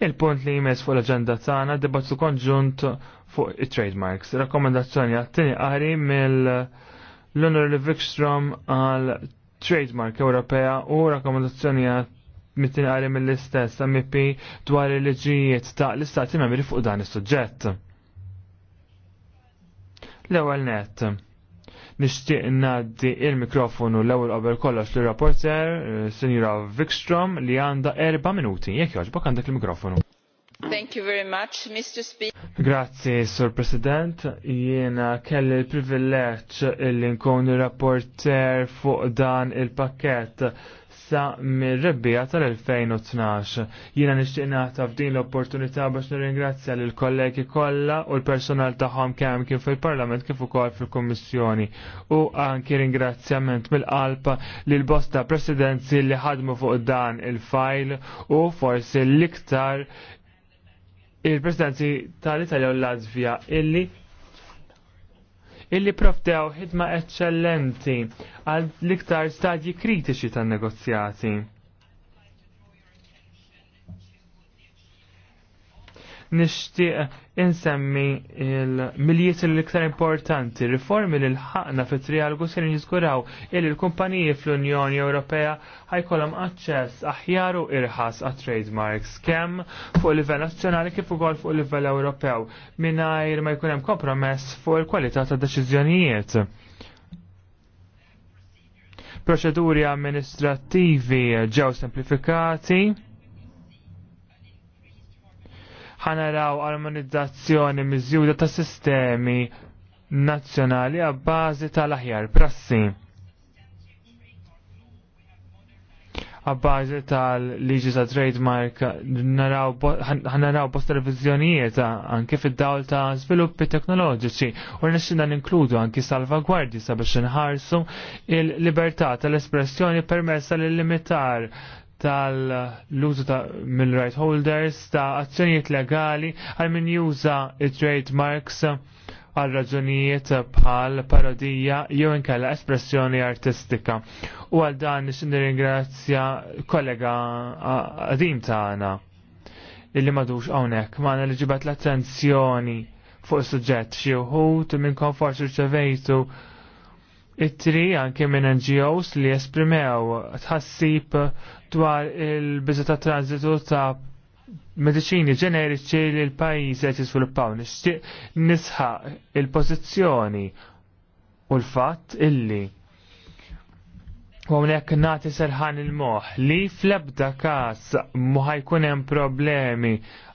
Il-punt li jmess fuq l-agenda tagħna dibattu konġunt fuq it-trademarks. Rakkomandazzjoni għattini qari mill l-Honorable Vikstrom għal trademark Ewropea u rakkomendazzjoni mitin qari mill-istess MP dwar il-liġijiet ta' l-istati membri fuq dan is-suġġett. L-ewwel net Nixtieq naddi il-mikrofonu l-ewwel qabel kollox l rapporter eh, Senjura Vikstrom li għandha erba' minuti. Jekk jogħġbok għandek il-mikrofonu. Thank you very much, Mr. Speaker. Grazie, Sir President. Jiena kelli l il-inkon il rapporter fuq dan il-pakket issa mir-rebbija tal-2012. Jiena nixtieq naħtaf f'din l-opportunità biex nirringrazzja lil kollegi kollha u l-personal tagħhom kemm kien fil-Parlament kif ukoll fil-Kummissjoni. U anki ringrazzjament mill-qalb lil bosta presidenzi li ħadmu fuq dan il-fajl u forsi l-iktar il-presidenzi tal-Italja u l-Latvija illi illi profdew ħidma eċċellenti għal liktar iktar stadji kritiċi tan-negozjati. nixtieq insemmi il-miljiet l-iktar importanti, riformi li l-ħakna fit trialgu se jiżguraw il il-kumpaniji fl-Unjoni Ewropea ħajkolhom aċċess aħjar u irħas għat trademarks kemm fuq livell nazzjonali kif ukoll fuq livell Ewropew mingħajr ma jkun hemm kompromess fuq il-kwalità ta' deċiżjonijiet proċeduri amministrativi ġew semplifikati ħanaraw armonizzazzjoni mizjuda ta' sistemi nazzjonali bazi tal-aħjar prassi. Għabbażi tal-liġi ta' trademark ħanaraw bosta revizjonijiet anke fid-dawl ta' sviluppi teknoloġiċi u dan inkludu anki salvagwardji sabiex nħarsu il-libertà tal-espressjoni permessa l-limitar tal-użu ta' mill-right holders ta' azzjonijiet legali għal min juża trademarks għal raġunijiet bħal parodija jew inkella espressjoni artistika. U għal dan nix nirringrazzja kollega għadim tagħna illi madux hawnhekk ma' li ġibat l-attenzjoni fuq is-suġġett xi wħud minnkom forsi rċevejtu it-tri anke minn NGOs li esprimew tħassib dwar il-biża ta' tranzitu ta' mediċini ġeneriċi li l-pajjiż qed jiżviluppaw. Nixtieq nisħaq il-pożizzjoni u l-fatt illi Għomlek nati serħan il-moħ li flebda kas muħajkun hemm problemi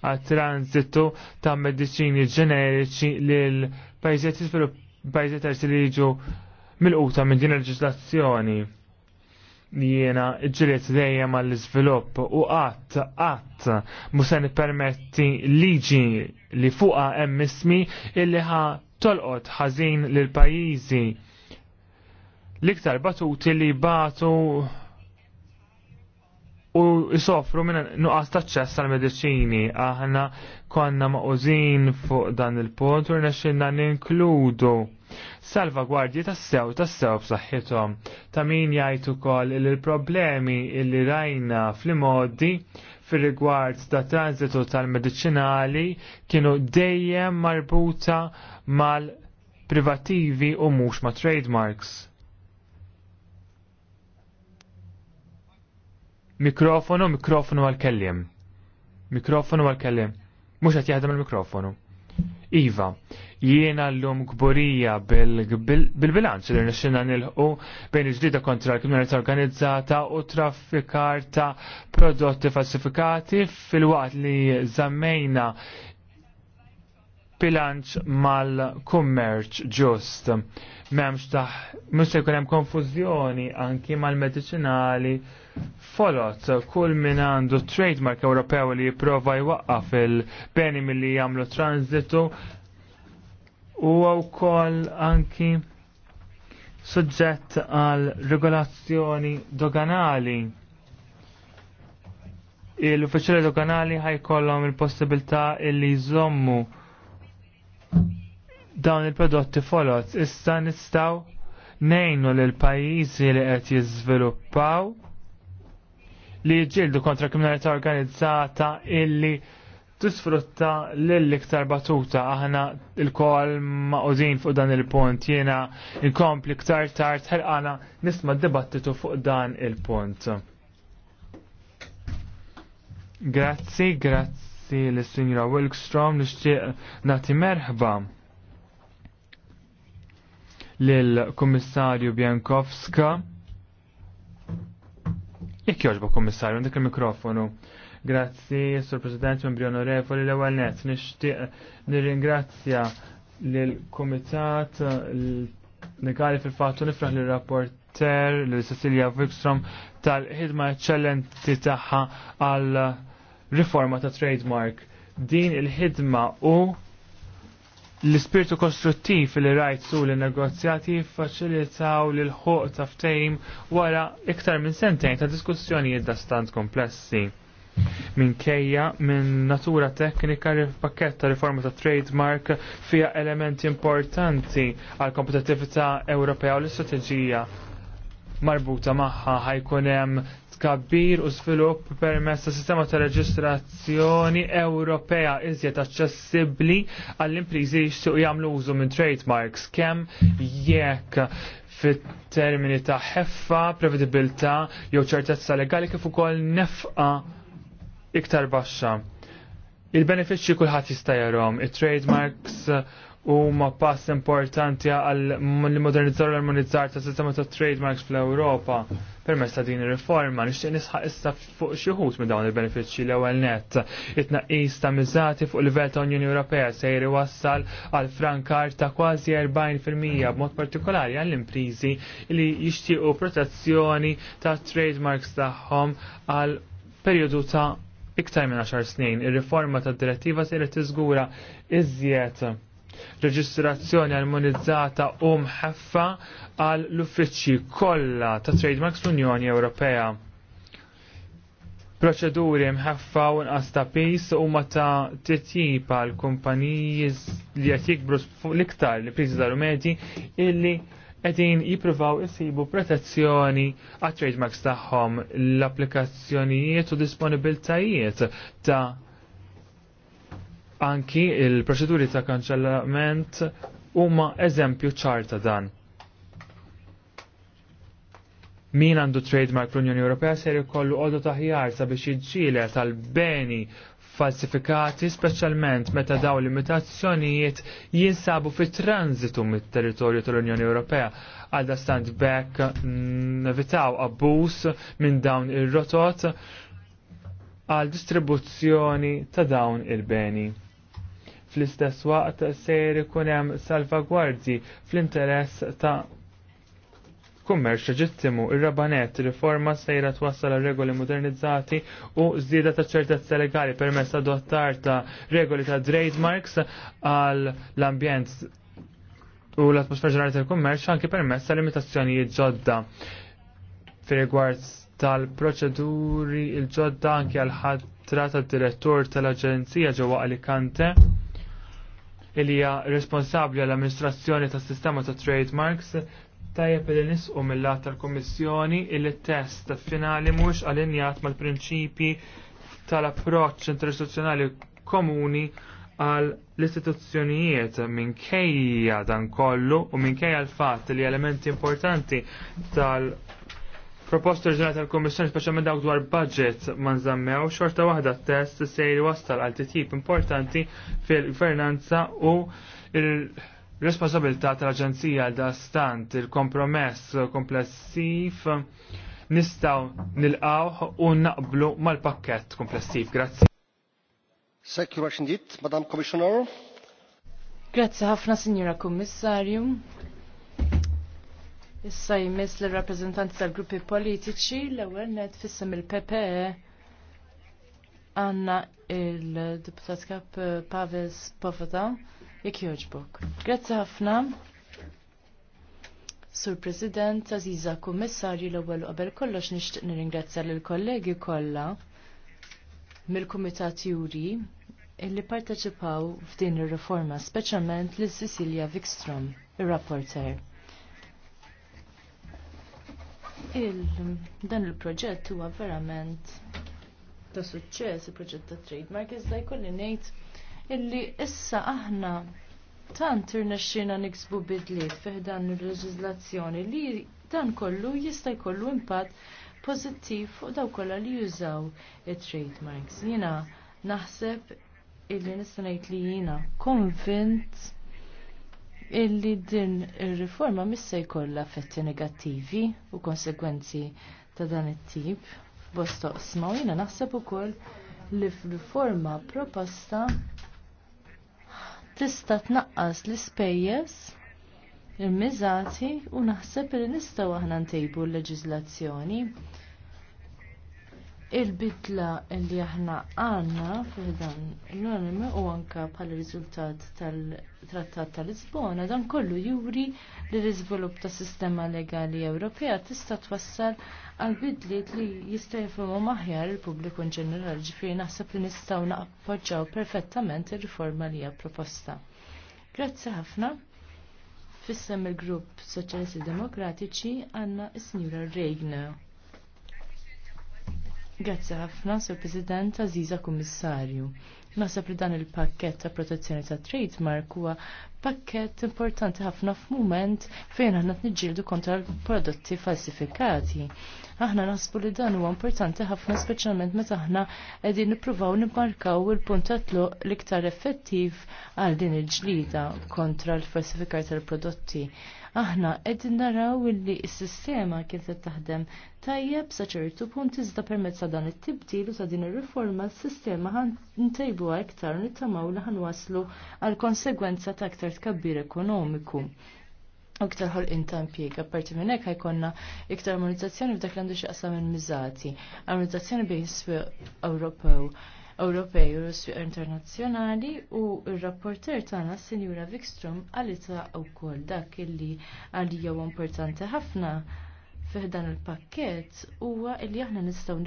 għat tranzitu ta' mediċini ġeneriċi li l-pajziet terzi li jiġu mil quta minn din il-leġislazzjoni jiena ġriet dejjem għall iżvilupp u qatt qatt musen se nippermetti liġi li fuqha hemm illi ħa tolqot ħażin l pajjiżi l-iktar batuti li batu u jisofru minn nuqqas taċċess għal mediċini aħna konna maqużin fuq dan il-punt u rnexxinna ninkludu salvagwardji tas-sew tas-sew b'saħħithom ta' min jgħid ukoll il problemi li rajna fl-modi fir-rigward ta' transitu tal-mediċinali kienu dejjem marbuta mal-privativi u mhux ma' trademarks Mikrofonu, mikrofonu għal-kellim. Mikrofonu għal-kellim. Mux għat jahdem il-mikrofonu. Iva, jiena l-lum gburija bil-bilanċ li nil-ħu bejn iġdida kontra l-kriminalità organizzata u traffikar ta' prodotti falsifikati fil-waqt li zammejna bilanċ mal-kummerċ ġust. Memx taħ, mux se hemm konfuzjoni anki mal-medicinali folot kull min għandu trademark Ewropew li jipprova jwaqqa fil-beni mill-li jamlu transitu u wkoll anki suġġett għal regolazzjoni doganali il-uffiċjali doganali ħajkollhom il-possibilità illi jżommu dawn il-prodotti folot issa nistaw nejnu l-pajizi li qed jiżviluppaw li jġildu kontra kriminalità organizzata illi tisfrutta l-iktar batuta aħna il-kol maqudin fuq dan il-punt jena il-kompli ktar tart ħelqana nisma dibattitu fuq dan il-punt. Grazzi, grazzi. Grazzi l-Sinjra Wilkstrom nixtieq nagħti merħba lill-Kummissarju Bjankowska. Jekk jogħġbu Kummissarju, dik il-mikrofonu. Grazzi, Sur President, membri onorevoli l-ewwel nett nixtieq nirringrazzja lill-Kumitat Nikali fil-fattu nifraħ lill rapporter l Cecilia Wikstrom tal-ħidma eccellenti tagħha għal riforma ta' trademark. Din il-ħidma u l-ispirtu kostruttiv li rajt su l negozjati faċilitaw l ħuq ta' ftejm wara iktar minn sentejn ta' diskussjonijiet da' stand komplessi. Minkejja minn natura teknika pakket ta' riforma ta' trademark fija elementi importanti għal kompetitività Ewropea u l-istrateġija marbuta magħha ħajkun hemm tkabbir u svilupp permezz ta' sistema ta' reġistrazzjoni Ewropea iżjed aċċessibbli għall-impriżi jixtiequ jagħmlu użu minn trademarks kemm jekk fit-termini ta' ħeffa, prevedibilità jew ċertezza legali kif ukoll nefqa iktar baxxa. Il-benefiċċji kulħadd jista' jarhom, it-trademarks u ma pass importanti għal modernizzar u armonizzar ta' sistema ta' trademarks fl-Europa permess ta' din ir-riforma nixtieq nisħaq issa fuq xi wħud minn dawn il-benefiċċji l-ewwel nett. It-tnaqqis ta' miżati fuq livell ta' Unjoni Ewropea se wassal għal frankar ta' kważi 40% b'mod partikolari għall imprizi li jixtiequ protezzjoni ta' trademarks tagħhom għal perjodu ta' iktar minn 10 snin. Ir-riforma tad direttiva se tiżgura iżjed reġistrazzjoni armonizzata u mħaffa għal l-uffiċċji kollha ta' trademarks l-Unjoni Ewropea. Proċeduri mħaffa u nqas ta' pis huma ta' titjib għal kumpaniji li qed jikbru l-iktar li priżi daru medji illi qegħdin jippruvaw isibu protezzjoni għat trademarks tagħhom l-applikazzjonijiet u disponibiltajiet ta' Anki il-proċeduri ta' kanċellament huma eżempju ċarta dan. Min għandu trademark l-Unjoni Ewropea ser jkollu għodu taħjar sabiex jiġġiele tal-beni falsifikati speċjalment meta daw limitazzjonijiet jinsabu fit transitu mit-territorju tal-Unjoni Ewropea għadda stand back nevitaw abbuż minn dawn ir-rotot għal distribuzzjoni ta' dawn il-beni fl-istess waqt se ikun hemm salvagwardji fl-interess ta' kummerċ ġittimu ir-rabanet riforma sejra twassal regoli modernizzati u żieda ta' ċertezza legali permess adottar ta' regoli ta' trademarks għal l-ambjent u l-atmosfera ġenerali tal-kummerċ anke permess ta' limitazzjonijiet ġodda fir-rigward tal-proċeduri il-ġodda anke għal ħatra tad-direttur tal-Aġenzija ġewwa Alicante li hija responsabbli għall amministrazzjoni tas sistema ta' trademarks tajjeb li nisqu mill-lat tal-Kommissjoni il test finali mhux allinjat mal-prinċipi tal-approċċ interistituzzjonali komuni għal l-istituzzjonijiet minkejja dan kollu u minkejja l-fatt li elementi importanti tal- Proposta ġenerata tal-Kommissjoni speċjalment dawk dwar budget ma nżammew xorta waħda test se wasal għal titjib importanti fil-gvernanza u il-responsabilità tal-Aġenzija da stant il-kompromess komplessiv nistaw nilqaw u naqblu mal-pakket komplessiv. Grazzi. Thank you much indeed, Madam Commissioner. Grazzi ħafna, Signora Kommissarju. Issa jmiss l rappreżentanti tal-gruppi politiċi l-ewwel net fissem il-PPE għandna il-deputat kap eh, Pavel Spovoda, jekk jogħġbok. Grazzi ħafna. Sur President, Aziza Kummissarju l-ewwel qabel kollox nixtieq nirringrazzja lill kollegi kollha mill-Kumitat Juri illi parteċipaw f'din ir-riforma, speċjalment lil Cecilia Wikstrom, ir-rapporter. Il, dan il-proġett huwa verament ta' suċċess il-proġett ta' trademark iżda jkolli ngħid illi issa aħna tant irnexxina niksbu bidliet fih dan il-leġiżlazzjoni li dan kollu jista' jkollu impatt pożittiv fuq daw kollha li jużaw it-trademarks. Jiena naħseb illi nista' ngħid li jiena konvint illi din ir-riforma missa jkollha effetti negattivi u konsegwenzi ta' dan it-tip f'bosta sma' u jiena naħseb ukoll li f'riforma proposta tista' tnaqqas l-ispejjeż il-miżati u naħseb li nistgħu aħna ntejbu l-leġiżlazzjoni il-bidla li aħna għandna f'dan l-anime u anke bħala riżultat tal-Trattat tal-Lisbona dan kollu juri li l-iżvilupp ta' sistema legali Ewropea tista' twassal għal bidliet li jista' jifhmu maħjar il-pubbliku in ġenerali ġifieri naħseb li nistgħu nappoġġjaw perfettament ir-riforma li hija proposta. Grazzi ħafna. Fissem il-grupp Soċjalisti Demokratiċi għandna is-Sinjura Regner. Grazzi ħafna, Sur President, Aziza Kummissarju. Nasab li dan il-pakket ta' protezzjoni ta' trademark huwa pakket importanti ħafna f'mument fejn aħna tniġġieldu kontra l prodotti falsifikati. Aħna nasbu li dan huwa importanti ħafna speċjalment meta aħna qegħdin nippruvaw nimmarkaw il-punt l-iktar effettiv għal din il-ġlida kontra l-falsifikar tal-prodotti. Aħna qegħdin naraw illi s-sistema kif qed taħdem tajjeb sa ċertu punt iżda permezz ta' dan it-tibdil u ta' din ir-riforma s-sistema ħan ntejbuha iktar nittamaw li waslu għal konsegwenza ta' iktar tkabbir ekonomiku iktar ħol ta' impjieg. Apparti minn hekk ħajkonna iktar armonizzazzjoni f'dak l-għandu xi qasam minn miżati armonizzazzjoni bejn is Europew. Ewropew Ewropej u s internazzjonali u r-rapporter tagħna Sinjura Wikstrom għalita wkoll dak illi għalija huwa importanti ħafna fih dan il-pakkett huwa li aħna nistgħu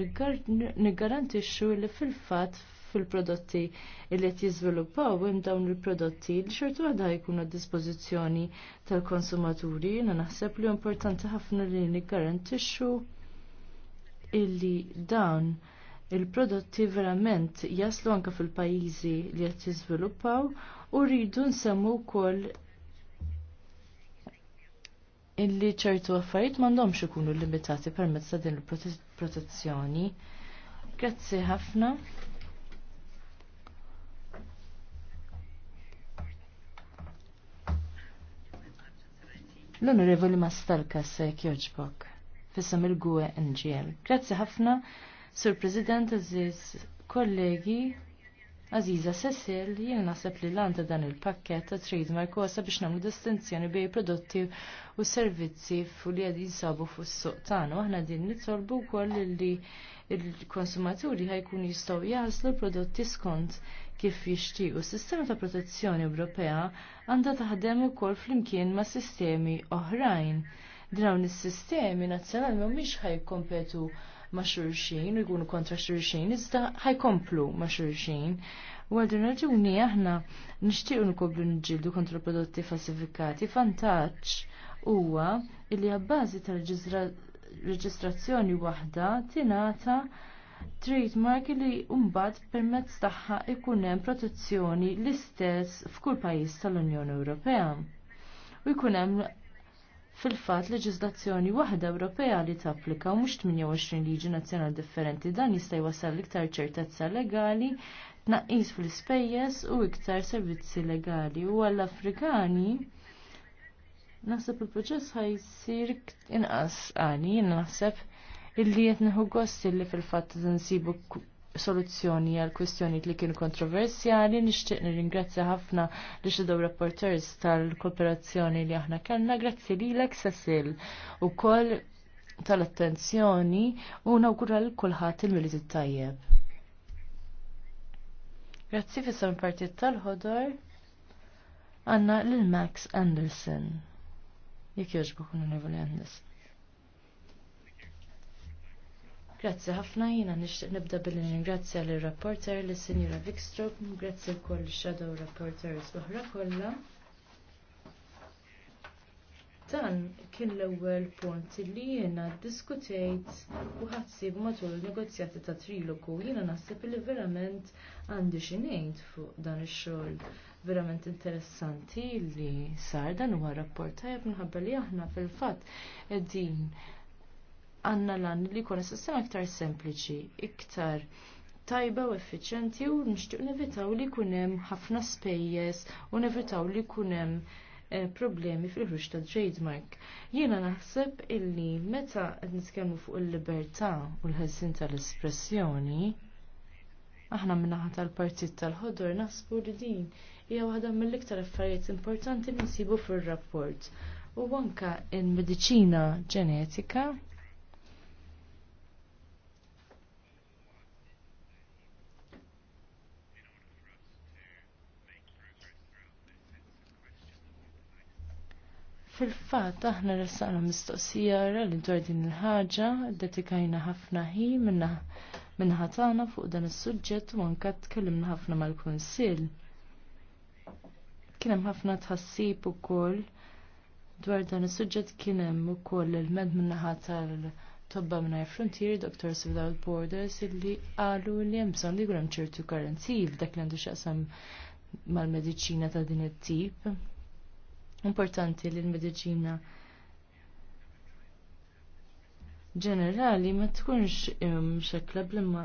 niggarantixxu li fil-fatt fil-prodotti li qed jiżviluppaw hemm dawn il-prodotti li xorta waħda jkunu a dispożizzjoni tal-konsumaturi. Jiena naħseb li importanti ħafna li niggarantixxu illi dawn il-prodotti verament jaslu anke fil-pajjiżi li qed jizviluppaw u rridu nsemmu wkoll illi ċertu affarijiet m'għandhomx ikunu limitati permezz ta' din il-protezzjoni. Grazzi ħafna. L-Onorevoli Mastalka se jogħġbok fissam il-Gwe NGL. Grazzi ħafna. Sur President, Aziz, kollegi, Aziza Cecil, jien naħseb li l dan il-pakket ta' trademark u biex namlu distinzjoni bej prodotti u servizzi fu li għad jinsabu fuq s-suq tagħna. Aħna din nitolbu wkoll li l-konsumaturi ħajkun jistgħu jaslu prodotti skont kif u Sistema ta' protezzjoni Ewropea għandha taħdem ukoll flimkien ma' sistemi oħrajn. Dawn is-sistemi nazzjonali mhumiex ħajkompetu kompetu ma' xurxin u jkunu kontra xurxin, iżda ħajkomplu ma' xurxin. U għadin raġuni aħna nishtiqu nkoblu nġildu kontra prodotti falsifikati. Vantaġġ huwa illi għabbażi tal-reġistrazzjoni waħda tinata trademark li mbagħad permezz tagħha ikun hemm protezzjoni l-istess f'kull pajjiż tal-Unjoni Ewropea. U jkun hemm fil-fatt leġiżlazzjoni waħda Ewropea li tapplika u mhux 28 liġi nazzjonali differenti dan jista' jwassal iktar ċertezza legali, tnaqqis fl-ispejjeż u iktar servizzi legali u għall-Afrikani naħseb il-proċess ħajsir inqas għani, naħseb illi qed neħu gost illi fil-fatt nsibu soluzzjoni għal kwestjoni li kienu kontroversjali. Nixtieq nirringrazzja ħafna li xidew rapporters tal-kooperazzjoni li aħna kellna. Grazzi lilek Cecil ukoll tal-attenzjoni u nawgura l kulħadd il-milizi tajjeb. Grazzi fissam partit tal-ħodor għanna l-Max Anderson. Jek joġbu Nivoli Anderson. Grazzi ħafna jina nixtieq nibda billi ningrazzja lir rapporter lis sinjura Vikstrup, grazzi wkoll shadow reporters oħra kollha. Dan kien l-ewwel punt li jiena ddiskutejt u ħadsib matul negozjati ta' trilogu jiena naħseb li verament għandi xi ngħid fuq dan ix-xogħol verament interessanti li sar dan huwa rapport tajjeb minħabba li aħna fil-fatt qegħdin għanna lan li jkun sistema iktar sempliċi, iktar tajba u effiċenti u nixtieq nevitaw li jkun hemm ħafna spejjeż u nevitaw li jkun hemm eh, problemi fil-ħruġ ta' trademark. Jiena naħseb illi meta qed nitkellmu fuq il-libertà u l-ħelsin tal-espressjoni, aħna minnaħat tal-partit tal-ħodor naħsbu li din hija waħda mill-iktar affarijiet importanti li nsibu fir-rapport. U anke l mediċina ġenetika Fil-fat, aħna ressaqna mistoqsija li dwar din il-ħaġa, dedikajna ħafna ħi minna tagħna fuq dan is-suġġett u anke tkellimna ħafna mal-Kunsill. Kien hemm ħafna tħassib ukoll dwar dan is-suġġett kien hemm ukoll il-med min-naħa tal-Tobba mingħajr Frontier, Doctors Without Borders, illi qalu li hemm bżonn li jkun hemm ċertu garanziji f'dak li għandu x'aqsam mal-mediċina ta' din it-tip importanti li l-medicina ġenerali ma tkunx mxekla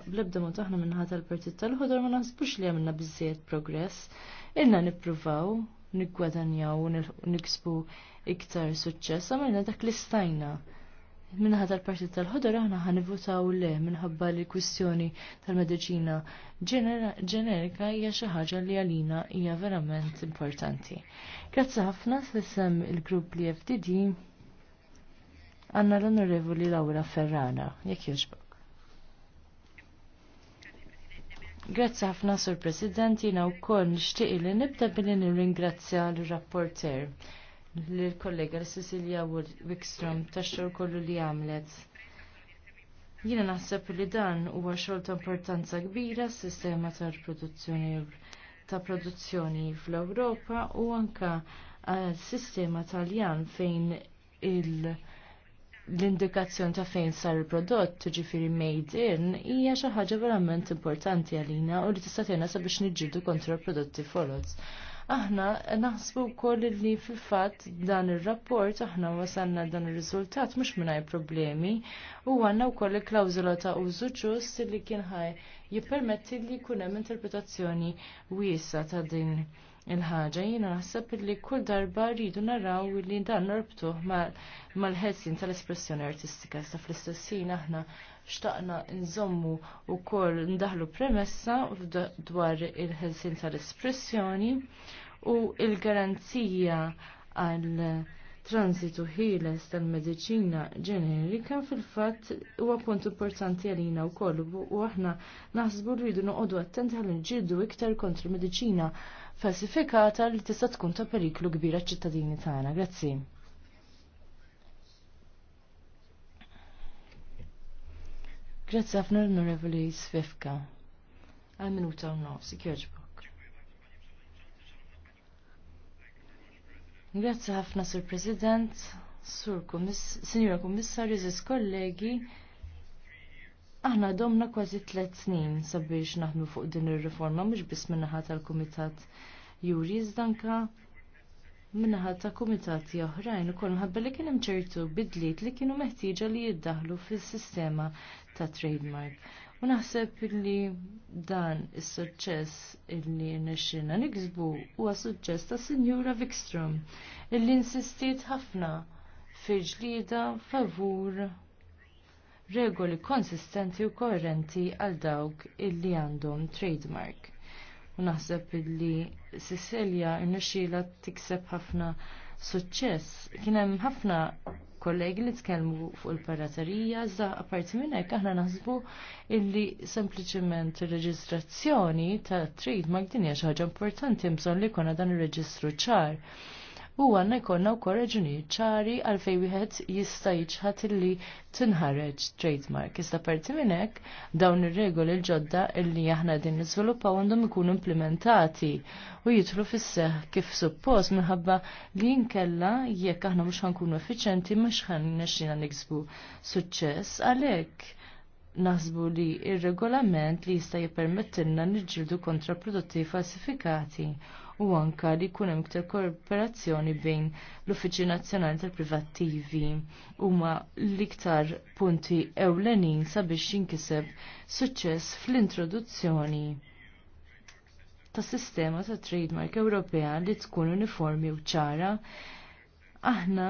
blebda mod aħna minnħat tal-partit tal-ħodor ma naħsbux li għamilna biżżejjed progress. Ilna nippruvaw nikwadanjaw niksbu iktar suċċess, għamilna dak li stajna minnaħat tal-partit tal-ħodor aħna ħanivutaw le minħabba li kwistjoni tal-medicina ġenerika hija xi ħaġa li għalina hija verament importanti. Grazzi ħafna s-sem il-grupp li FDD għanna l-onorevoli Laura Ferrana, jekk jogħġbok. Grazzi ħafna Sur President, jina wkoll nixtieq li nibda billi nirringrazzja l-rapporter l-kollega Cecilia Wickstrom ta' xogħol kollu li għamlet. Jiena naħseb li dan huwa xogħol ta' importanza kbira s-sistema tal-produzzjoni ta' produzzjoni fl-Ewropa u anka eh, sistema taljan fejn il- l-indikazzjoni ta' fejn sar il-prodott, ġifiri made in, hija xi ħaġa verament importanti għalina u li tista' tgħinna sabiex niġġieldu kontra prodotti folots. Aħna naħsbu wkoll li fil-fatt dan ir-rapport aħna wasalna dan ir-riżultat mhux mingħajr problemi u għandna wkoll il klawzula ta' użu ġust li kien ħaj jippermetti li jkun hemm interpretazzjoni wiesa ta' din il-ħaġa jiena naħseb li kull darba rridu naraw li dan norbtuh mal ħessin tal-espressjoni artistika sa fl-istessin aħna xtaqna nżommu u koll ndaħlu premessa dwar il-ħelsin tal-espressjoni u il-garanzija għal transitu ħieles tal-medicina ġenerika fil-fat huwa punt importanti għalina u koll u aħna naħsbu rridu noqogħdu attenti għal nġiddu iktar kontra medicina falsifikata li tista' tkun ta' periklu kbira ċittadini tagħna. Grazzi. Grazzi ħafna l-Onorevoli Svefka. Għal minuta u nofs, ikjoġbok. Grazzi ħafna Sur President, Sur Sinjura Commissario, Ziz Kollegi, Aħna domna kważi tliet snin sabiex naħdmu fuq din ir-riforma mhux biss minnaħa tal-Kumitat Juri iżdanka minnaħa ta' kumitati oħrajn ukoll minħabba li kien hemm ċertu bidliet li kienu meħtieġa li jiddaħlu fis-sistema ta' trademark. U naħseb illi dan is-suċċess illi nexxina niksbu huwa suċċess ta' Sinjura Vikstrom illi insistiet ħafna fil favur regoli konsistenti u koerenti għal dawk illi għandhom trademark. U naħseb illi Cecilia rnexxiela tikseb ħafna suċċess. Kien hemm ħafna kollegi li tkellmu fuq il-paraterija, za apparti minn hekk aħna naħsbu illi sempliċement ir-reġistrazzjoni ta' trademark din hija xi ħaġa importanti bżonn li jkollna dan ir-reġistru ċar u għanna jkollna wkoll raġuni ċari għalfej wieħed jista' jiġħad illi tinħareġ trademark. Iżda parti minn hekk dawn ir-regoli l-ġodda illi aħna din niżviluppaw għandhom ikunu implementati u jidħlu fis-seħ kif suppost minħabba li jinkella jekk aħna mhux ħankunu effiċenti mhux ħannexxina niksbu suċċess għalhekk naħsbu li ir regolament li jista' jippermettilna niġġieldu kontra prodotti falsifikati u anka li jkun hemm iktar kooperazzjoni bejn l-Uffiċċju Nazzjonali tal-Privattivi huma l-iktar punti ewlenin sabiex jinkiseb suċċess fl-introduzzjoni ta' sistema ta' trademark Ewropea li tkun uniformi u ċara. Aħna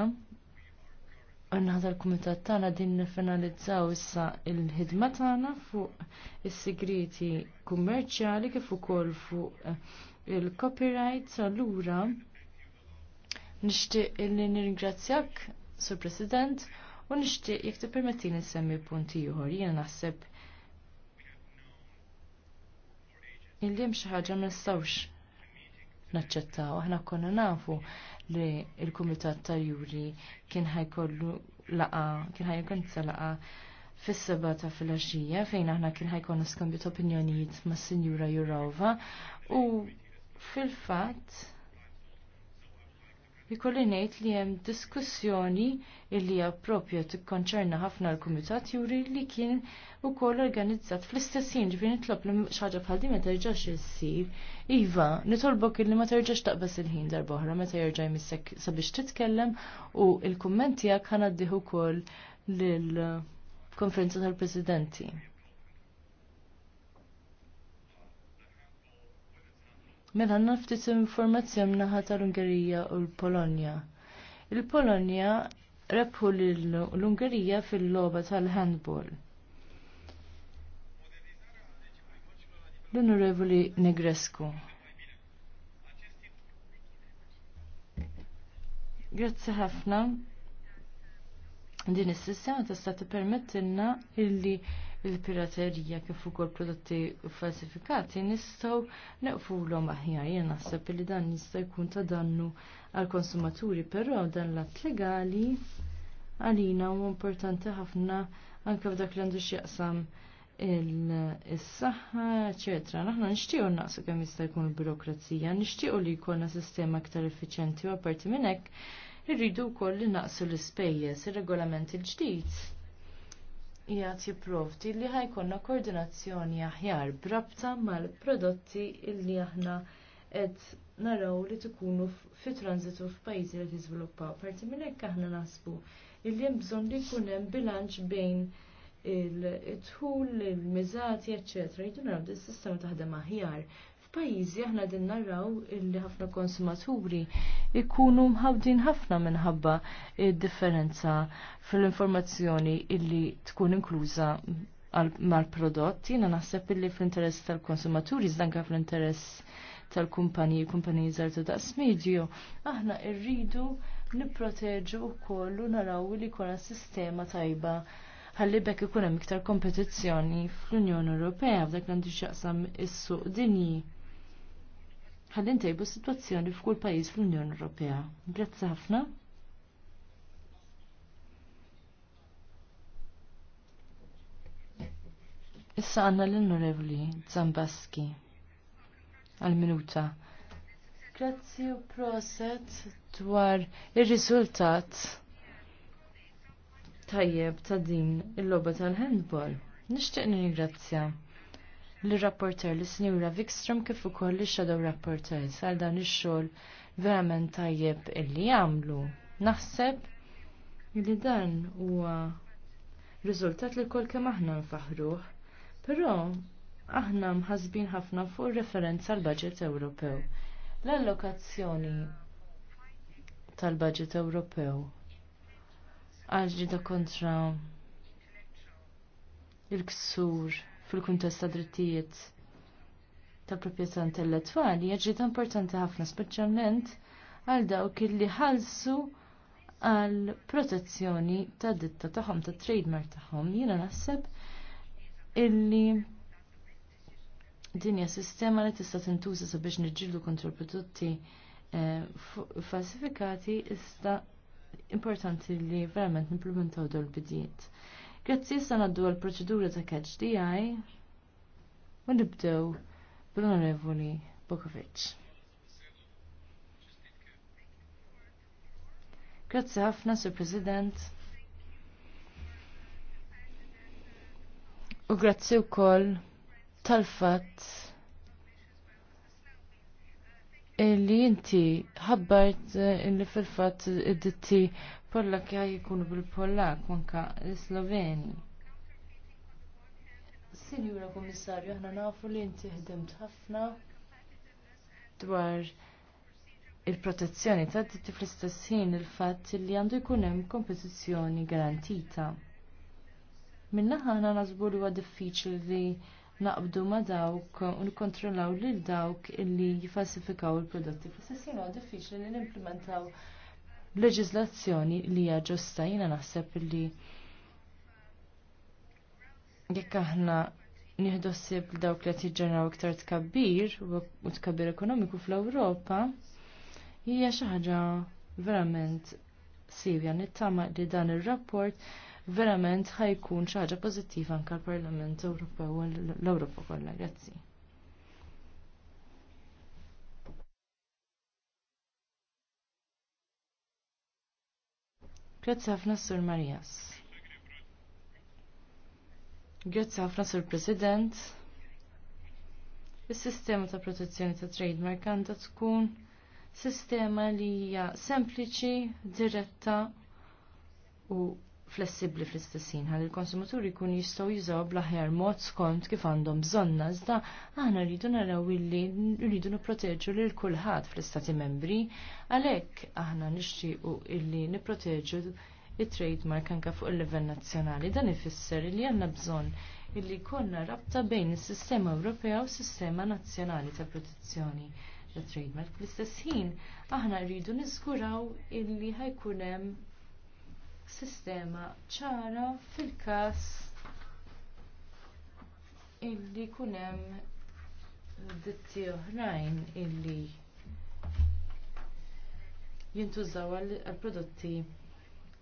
Naħda l-Kumitat tagħna din nifinalizzaw issa il-ħidma tagħna fuq is-sigriti kummerċjali kif ukoll fuq il-copyright allura nixtieq illi nirringrazzjak sur President u nixtieq jekk tippermettini nsemmi punti ieħor jiena naħseb illi hemm xi ħaġa ma nistgħux naċċettaw aħna konna nafu li l-Kumitat ta' juri kien ħajkollu laqa kien ħajkollu laqa fis-seba ta' filgħaxija fejn aħna kien ħajkollu skambju ta' opinjonijiet mas-Sinjura Jurova u fil-fatt Ikolli ngħid li hemm diskussjoni illi hija proprju tikkonċerna ħafna l-Kumitat Juri li kien ukoll organizzat fl-istess jien ġifieri nitlob li ħaġa bħal din ma terġax issir. Iva, nitolbok illi ma terġax taqbas il-ħin darba oħra meta jerġa' jmissek sabiex titkellem u l-kumment tiegħek ħanaddih ukoll lill konferenza tal-Presidenti. Mela naftit informazzjoni naħa tal-Ungerija u l-Polonja. Il-Polonja rebħu l-Ungerija fil-loba tal-handball. L-Onorevoli Negrescu. Grazzi ħafna. Din is-sistema tista' tippermettilna illi il-piraterija kif ukoll prodotti falsifikati nistgħu neqfulhom aħjar jien naħseb li dan jista' jkun ta' dannu għall konsumaturi però dan l-att legali għalina u importanti ħafna anke f'dak li għandu x'jaqsam il-saħħa, eċetera. Naħna nixtiequ naqsu kemm jista' jkun il-birokrazija, nixtiequ li jkollna sistema aktar effiċjenti u apparti minn hekk irridu wkoll li naqsu l-ispejjeż ir-regolament il-ġdid jgħat jipprovdi li ħajkonna koordinazzjoni aħjar brabta mal-prodotti illi aħna qed naraw li tkunu fi transitu f'pajjiżi li tiżviluppaw. Parti minn hekk aħna naħsbu illi hemm bżonn li jkun hemm bilanċ bejn il-tħul, il-miżati, eċċetera, jridu naraw dis sistema taħdem aħjar f'pajjiżi aħna din narraw illi ħafna konsumaturi ikunu mħabdin ħafna minħabba id-differenza fil-informazzjoni illi tkun inkluża mal-prodott. Jiena naħseb illi fl-interess tal-konsumaturi zdanka fl-interess tal-kumpaniji, kumpaniji zartu daqs medju, aħna irridu nipproteġu wkoll kollu naraw li kuna sistema tajba ħalli bekk ikun hemm iktar kompetizzjoni fl-Unjoni Ewropea f'dak l għandu is-suq dinji ħalli ntejbu sitwazzjoni f'kull pajjiż fl-Unjoni Ewropea. Grazzi ħafna. Issa għanna l-Onorevoli Zambaski għal-minuta. Grazzi u proset dwar il-riżultat tajjeb ta' din il-loba tal-handball. Nishtiq grazzi l-rapporter li snjura Vikstrom kif ukoll li shadow rapporter sal dan ix-xogħol verament tajjeb illi jagħmlu. Naħseb li dan huwa riżultat li kol kemm aħna nfaħruh, però aħna mħasbin ħafna fuq referenza għal budget Ewropew. L-allokazzjoni tal-budget Ewropew għal ġida kontra il-ksur fil-kuntest ta' drittijiet tal-proprjetà intellettwali hija importanti ħafna speċjalment għal dawk li ħalsu għal protezzjoni ta' ditta tagħhom ta' trademark tagħhom. Jiena naħseb illi dinja sistema li tista' tintuża sabiex niġġieldu kontra prodotti eh, falsifikati iżda importanti li verament nimplementaw dol bidiet. Grazzi issa naddu għal proċedura ta' catch di għaj. U nibdew bl-onorevoli Bokovic. Grazzi ħafna, Sir President. U grazzi u koll tal-fat li inti ħabbart eh, li fil fat id-ditti Pollak jgħaj jikunu bil-Pollak, manka Sloveni. Sinjura Komissarju, aħna nafu li inti ħdem ħafna dwar il-protezzjoni ta' ditti fl-istess il-fatt li għandu jkun hemm kompetizzjoni garantita. Minnaħa aħna nażbu li huwa diffiċli li naqbdu ma dawk u nikkontrollaw lil dawk illi jifalsifikaw il-prodotti. Fl-istessin għad diffiċli li nimplementaw leġiżlazzjoni li hija ġusta jiena naħseb li jekk aħna nieħdossib dawk li qed jiġġeneraw iktar tkabbir u tkabbir ekonomiku fl-Ewropa hija xi ħaġa verament Sirja. Nittama li dan ir-rapport verament ħajkun xaġa pozittiva anka anke l-Parlament Ewropew u l-Ewropa kollha. Grazzi. Grazzi ħafna Sur Marias. Grazzi ħafna Sur President. Is-sistema ta' protezzjoni ta' trademark għandha tkun sistema li hija sempliċi, diretta u flessibli fl-istessin ħalli l-konsumaturi jkun jistgħu jizaw blaħjar mod skont kif għandhom bżonna iżda aħna rridu naraw illi rridu nipproteġu lil kulħadd fl-istati membri għalhekk aħna nixtiequ illi nipproteġu it-trademark anke fuq il-livell nazzjonali dan ifisser li għandna bżonn illi jkollna rabta bejn is-sistema Ewropea u s-sistema nazzjonali ta' protezzjoni trademark. Fl-istess ħin aħna rridu niżguraw illi ħajkun hemm sistema ċara fil-każ illi jkun hemm ditti oħrajn illi jintużaw għal prodotti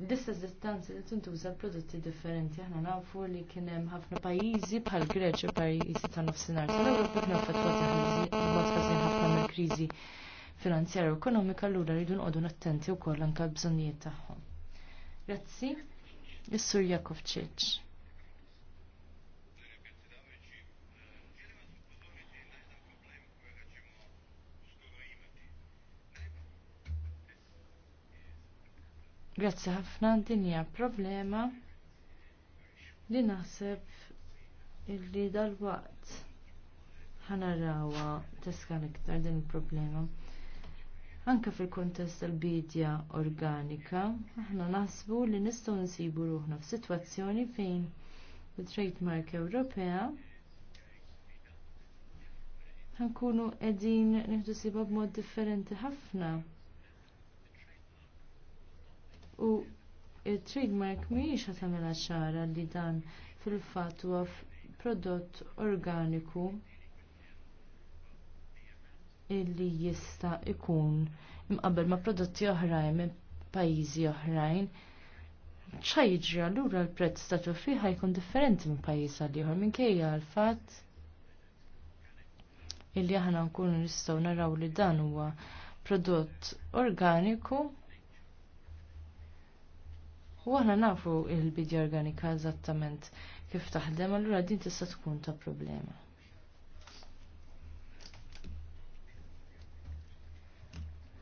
dissa distanzi li tintuża prodotti differenti. Aħna nafu li kien hemm ħafna pajjiżi bħal Greċja pajjiżi ta' nofsinhar tal-Ewropa kien affettwati ħafna mill-kriżi finanzjarja u ekonomika allura rridu nqogħdu attenti wkoll anke l-bżonnijiet tagħhom. Grazzi, is-Sur Jakov Ċeċ. Grazzi ħafna din hija problema li naħseb illi dal-waqt ħanarawa teskan iktar din il-problema. Anke fil-kontest tal-bidja organika, aħna naħsbu li nistgħu nsibu ruħna f'sitwazzjoni fejn il-trademark Ewropea ħankunu qegħdin nieħdu siba b'mod differenti ħafna U il-trademark mhijiex qed tagħmilha ċara li dan fil-fatt huwa prodott organiku illi jista' ikun imqabbel ma' prodotti oħrajn minn pajjiżi oħrajn ċajġri allura l-prezz ta' tuffi ħajkun differenti minn pajjiż għal ieħor minkejja għal fatt illi aħna nkunu nistgħu naraw li dan huwa prodott organiku U aħna nafu il-bidja organika eżattament kif taħdem, allura din tista' tkun ta' problema.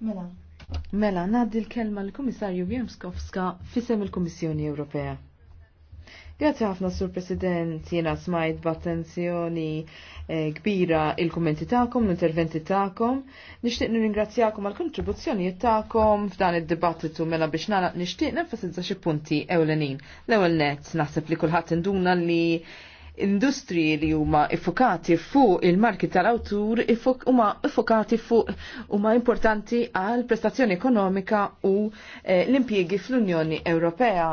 Mela. Mela, ngħaddi l-kelma l-Kummissarju Bjemskovska fisem il-Kummissjoni Ewropea. Grazie ħafna sur President, jena smajt b'attenzjoni eh, kbira il-kommenti ta'kom, l-interventi ta'kom. nixtieq nirringrazzjakom għal-kontribuzzjoni ta'kom f'dan id-dibattitu mela biex nalaq nishtiq nenfasizza xi punti ewlenin. L-ewel net naħseb li kulħadd induna li l-industri li huma iffokati fuq il-marki tal-awtur huma iffokati fuq huma importanti għal prestazzjoni ekonomika u eh, l-impjiegi fl-Unjoni Ewropea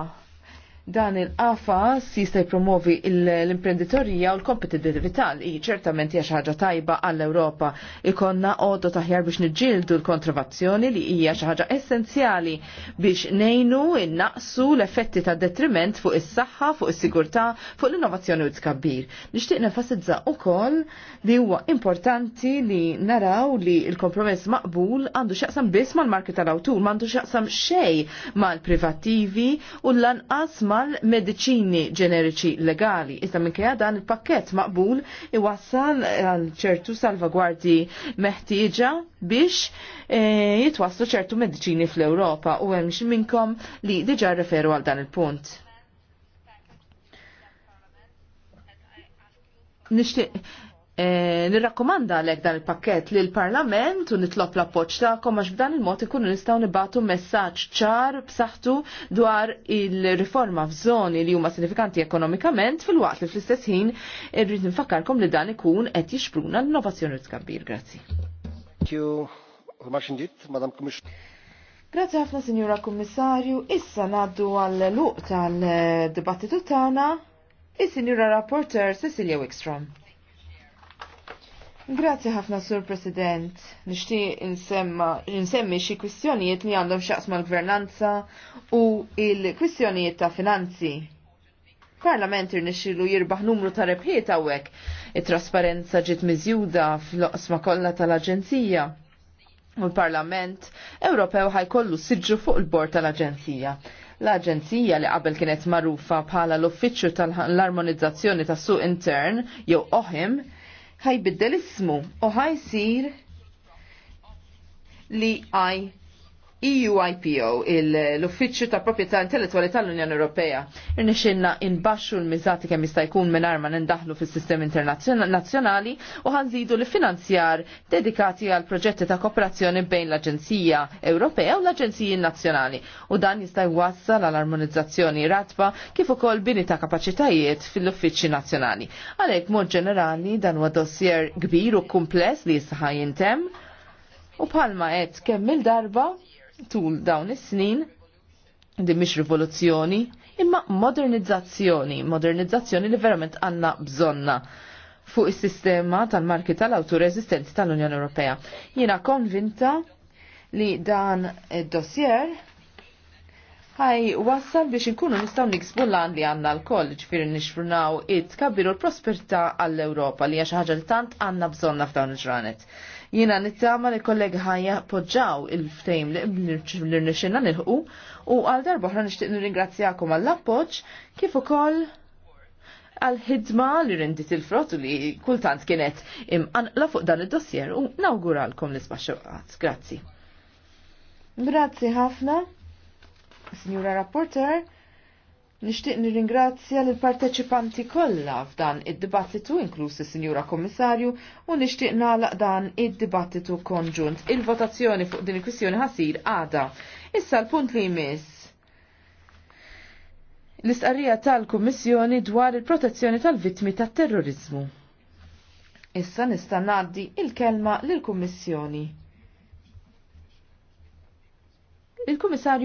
dan il-qafas jista' jipromovi l-imprenditorija u l-kompetitività li ċertament hija xi ħaġa tajba għall europa Ikonna għodu taħjar biex niġġieldu l-kontravazzjoni li hija xi ħaġa essenzjali biex nejnu innaqsu l-effetti ta' detriment fuq is-saħħa, fuq is-sigurtà, fuq l-innovazzjoni u t tkabbir. Nixtieq nenfasizza wkoll li huwa importanti li naraw li l-kompromess maqbul għandu x'jaqsam biss mal-marki tal-awtur, m'għandu x'jaqsam xejn mal-privattivi u lanqas ma' mal-medicini ġeneriċi legali. Iżda minkejja dan il-pakket maqbul iwassal għal ċertu salvagwardi meħtieġa biex e, jitwaslu ċertu medicini fl-Ewropa u hemm minnkom li diġa referu għal dan il-punt. Nishtiq Eh, Nirrakkomanda għalek dan il-pakket li l-Parlament u nitlob l-appoċ ta'kom għax b'dan il-mod ikunu nistaw nibatu messaġġ ċar b'saħħtu dwar il-riforma f'żoni li huma sinifikanti ekonomikament fil-waqt li fl-istess ħin irrid nfakkarkom li dan ikun qed jixpruna l-innovazzjoni tkabbir. Grazzi. Grazzi ħafna Sinjura Kummissarju, issa naddu għall-luq tal-dibattitu tagħna is-Sinjura Rapporter Cecilia Wickstrom. Grazzi ħafna, Sur President. Nishtiq nsemmi xi kwistjonijiet li għandhom xaqs mal-gvernanza u il-kwistjonijiet ta' finanzi. Parlament irnexxilu jirbaħ numru ta' rebħiet hawnhekk. It-trasparenza ġiet miżjuda fl-oqsma kollha tal-Aġenzija. U l-Parlament Ewropew ħajkollu siġġu fuq il-bord tal-Aġenzija l-Aġenzija li qabel kienet marufa bħala l-Uffiċċju tal-Armonizzazzjoni tas-Suq Intern jew OHIM ħajbiddel ismu u ħajsir li I. EUIPO, l-Uffiċċju ta' Proprjetà Intellettuali tal-Unjoni Ewropea. Irnexxinna inbaxxu l-miżati kemm jista' jkun mingħajr ma nindaħlu fis-sistem internazzjonali u ħanżidu li finanzjar dedikati għal proġetti ta' kooperazzjoni bejn l-Aġenzija Ewropea u l-Aġenziji Nazzjonali. U dan jista' jwassal għal armonizzazzjoni ratba kif ukoll bini ta' kapaċitajiet fil-Uffiċċji Nazzjonali. Għalhekk mod ġenerali dan huwa dossier kbir u kumpless li jista' jintem. U bħalma għed kemm il-darba tul dawn is-snin din mhix rivoluzzjoni, imma modernizzazzjoni, modernizzazzjoni li verament għandna bżonna fuq is-sistema tal-marki tal-autoresistenti tal-Unjoni Ewropea. Jiena konvinta li dan id-dossier ħaj wassal biex inkunu nistaw niksbu li għanna l-koll ġifiri nixfrunaw it-kabbiru l-prosperta għall-Europa li għaxħaġa l-tant għanna bżonna f'dawn il-ġranet. Jina nittama li kollega ħajja podġaw il-ftejm li nirxinna nilħu u għal darboħra ħra nishtiq ringrazzjakum għall-appoġġ kif ukoll għal-ħidma li rendit il-frott li kultant kienet imqanqla fuq dan id-dossier u nawguralkom l-isbaxxuqat. Grazzi. Grazzi ħafna, Signora Rapporter. Nixtieq nirringrazzja lil parteċipanti kollha f'dan id-dibattitu inklusi sinjura Kommissarju u nixtieq nagħlaq dan id-dibattitu konġunt. Il-votazzjoni fuq din il-kwistjoni ħasir għada. Issa l-punt li jmiss l-istqarrija tal-Kummissjoni dwar il-protezzjoni tal-vittmi tat-terrorizmu. Issa nista' ngħaddi il-kelma lill-Kummissjoni. Il-Kummissarju